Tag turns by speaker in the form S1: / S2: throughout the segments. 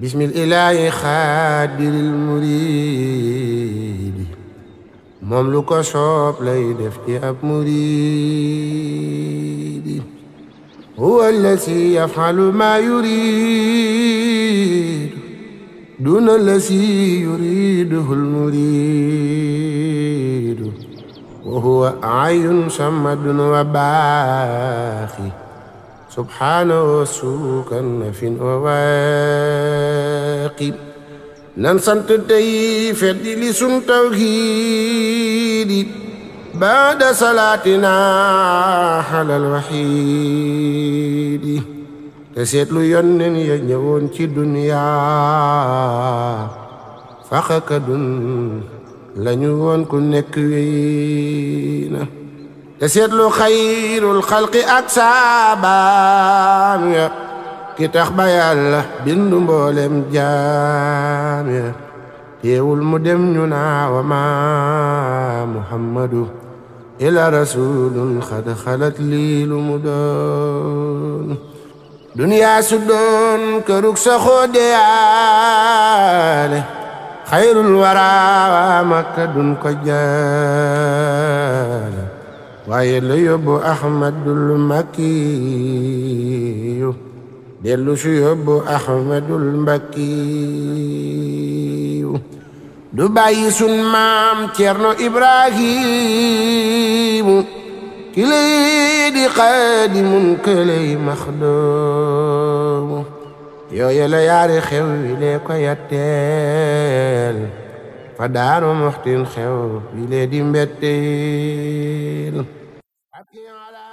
S1: bismil ilaahi xaadiril muriidi moom lu ko soob lay def ci ab muriidi huwa allazi yafalu maa yuriidu duna allazi yuriiduhul muriidu wa huwa ayun samadun wa subhaanahu suukan fin wa waaqib nan sant tey feddi li sun tawhiidi salaatina xalal waxiidi te seetlu yonnen ya ñëwoon ci duniyaa faxakadun lañu woon ku nekk wéy te seetlu xayrul xalqi ak saabaam ya ki tax ba yàlla bindu mboolem jaam ya teewul mu dem ñu naa wa ma muhammadu ila rasulun xad xalat lii lu mu doon duniyaa su doon kërug saxoo deyaale xayrul waraa makka dun ko waaye lu yóbbu ahmadul makkiyu dellu si yóbbu ahmadul mbakkiyu du bàyyi sun maam Cerno Ibrahimu kilay di xaadimun kilay maxdoomu yooye la yaari xew wi ko yatteel fa daanu moxtin xew bi lee di mbetteel aki ala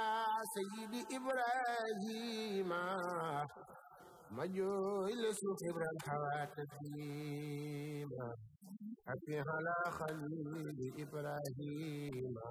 S1: sayidi ibrahima ma jooy la suuf ibral xawaata fiima aki ala xalili ibrahima